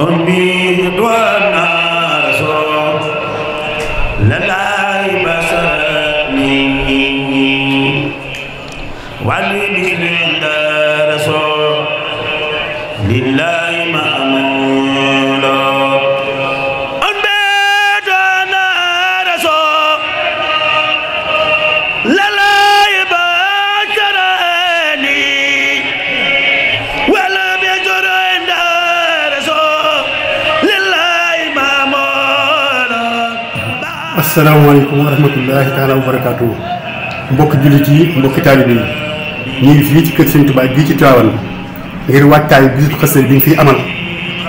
أمي والنار للا بسرني ولي بكر لله asalaamaaleykum wa rahmatullahi taala wa barakaatu mbokki jullit yi mbokki taalibe yi ñu fii ci kër Sëñ Tuubaa gii ci Tiwaawan ngir waajtaay bisu xasida bi ñu fiy amal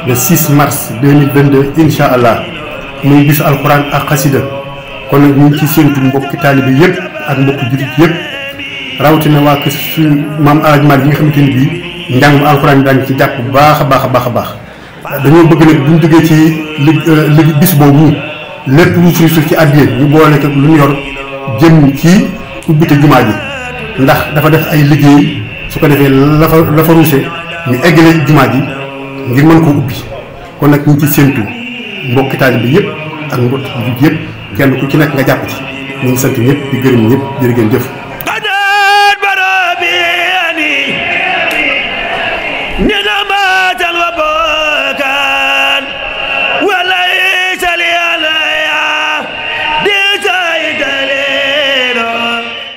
le 6 mars 2022 incha allah muy bisu alxuraan ak xasida kon nag ñu ngi ci séntu mbokki taalibe yëpp ak mbokki jullit yëpp rawatina waa kër suñu maam Alaaji Maalik yi nga xamante ni bii njàngum alxuraan daañu ci jàpp bu baax a baax a baax a baax dañoo bëgg nag bu ñu duggee ci li euh, bis boobu. lépp ñu siy suuf ci addiya ñu boole ko lu ñu yor jëm ci ubbite jumaa ji ndax dafa def ay liggéey su ko defee la fa ruuse ñu eggale jumaa ji ngir mën ko ubbi kon nag ñu ci séentu mbokki taalibe bi yëpp ak mbokki bi yëpp kenn ku ci nekk nga jàpp ci ñu ngi sant ñëpp di gërëm ñëpp jërë ngeen jëf.